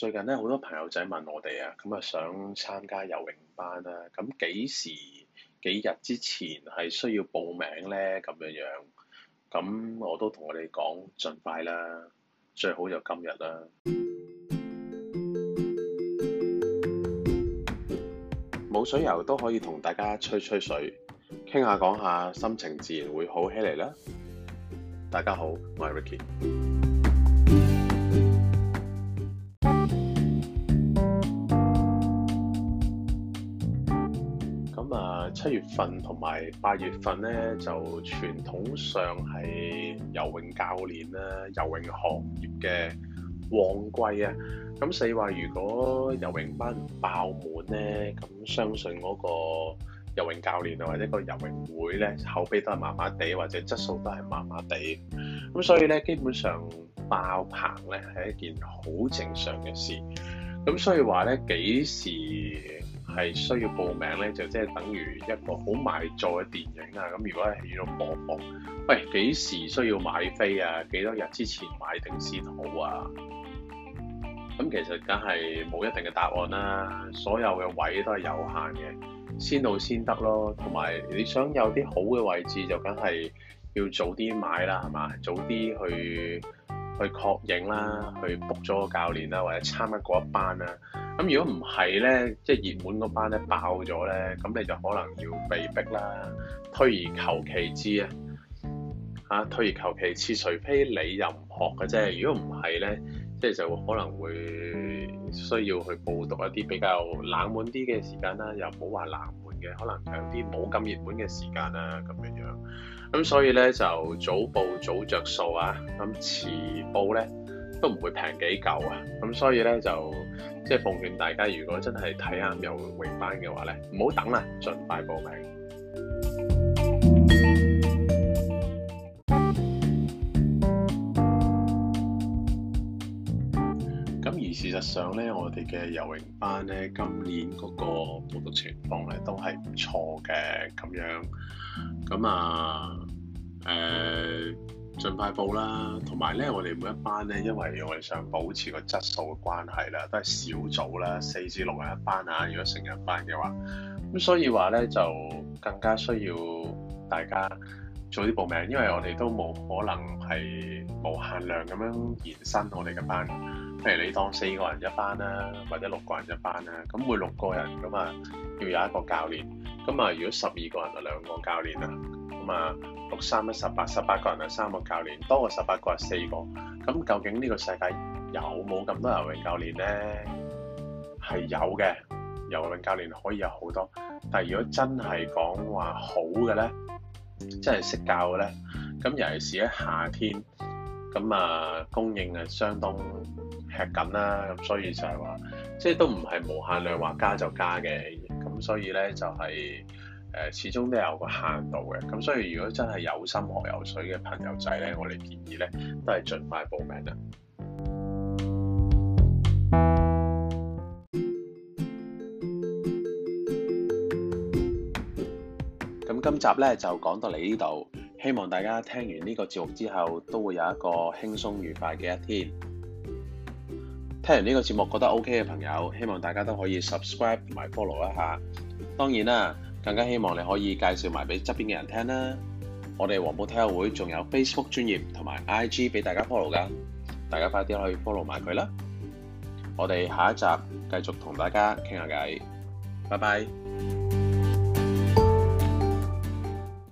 最近咧，好多朋友仔問我哋啊，咁啊想參加游泳班啦，咁幾時幾日之前係需要報名呢？咁樣樣，咁我都同我哋講，盡快啦，最好就今日啦。冇水游都可以同大家吹吹水，傾下講下，心情自然會好起嚟啦。大家好，我係 Ricky。啊，七月份同埋八月份咧，就傳統上係游泳教練啦、游泳行業嘅旺季啊。咁所以話，如果游泳班唔爆滿咧，咁相信嗰個游泳教練或者個游泳會咧，口碑都係麻麻地，或者質素都係麻麻地。咁所以咧，基本上爆棚咧係一件好正常嘅事。咁所以話咧，幾時，係需要報名咧，就即係等於一個好賣座嘅電影啊！咁如果係要播放，喂幾時需要買飛啊？幾多日之前買定先好啊？咁其實梗係冇一定嘅答案啦，所有嘅位都係有限嘅，先到先得咯。同埋你想有啲好嘅位置，就梗係要早啲買啦，係嘛？早啲去去確認啦，去 book 咗個教練啦，或者參加嗰一班啊！咁如果唔係咧，即係熱門嗰班咧爆咗咧，咁你就可能要被逼啦，推而求其之啊，吓推而求其次，除非你又唔學嘅啫。如果唔係咧，即係就可能會需要去報讀一啲比較冷門啲嘅時間啦，又唔好話冷門嘅，可能有啲冇咁熱門嘅時間啦，咁樣樣。咁所以咧就早報早着數啊，咁遲報咧，都唔會平幾嚿啊！咁所以咧就即係奉勸大家，如果真係睇啱游泳班嘅話咧，唔好等啦，儘快報名。咁而事實上咧，我哋嘅游泳班咧，今年嗰個報讀情況咧都係唔錯嘅咁樣。咁啊，誒、呃。盡快報啦，同埋咧，我哋每一班咧，因為我哋想保持個質素嘅關係啦，都係小組啦，四至六人一班啊。如果成人班嘅話，咁所以話咧就更加需要大家早啲報名，因為我哋都冇可能係無限量咁樣延伸我哋嘅班。譬如你當四個人一班啦，或者六個人一班啦，咁每六個人咁啊要有一個教練，咁啊如果十二個人就兩個教練啦。咁啊，六三一十八，十八個人啊，三個教練，多過十八個係四個。咁究竟呢個世界有冇咁多游泳教練咧？係有嘅，游泳教練可以有好多。但係如果真係講話好嘅咧，即係識教嘅咧，咁尤其是喺夏天，咁啊供應啊相當吃緊啦。咁所以就係話，即係都唔係無限量話加就加嘅。咁所以咧就係。誒，始終都有個限度嘅，咁所以如果真係有心學游水嘅朋友仔咧，我哋建議咧都係盡快報名啦。咁今集咧就講到嚟呢度，希望大家聽完呢個節目之後都會有一個輕鬆愉快嘅一天。聽完呢個節目覺得 OK 嘅朋友，希望大家都可以 subscribe 同埋 follow 一下。當然啦。更加希望你可以介紹埋俾側邊嘅人聽啦！我哋黃埔體育會仲有 Facebook 專頁同埋 IG 俾大家 follow 㗎，大家快啲去 follow 埋佢啦！我哋下一集繼續同大家傾下偈，拜拜。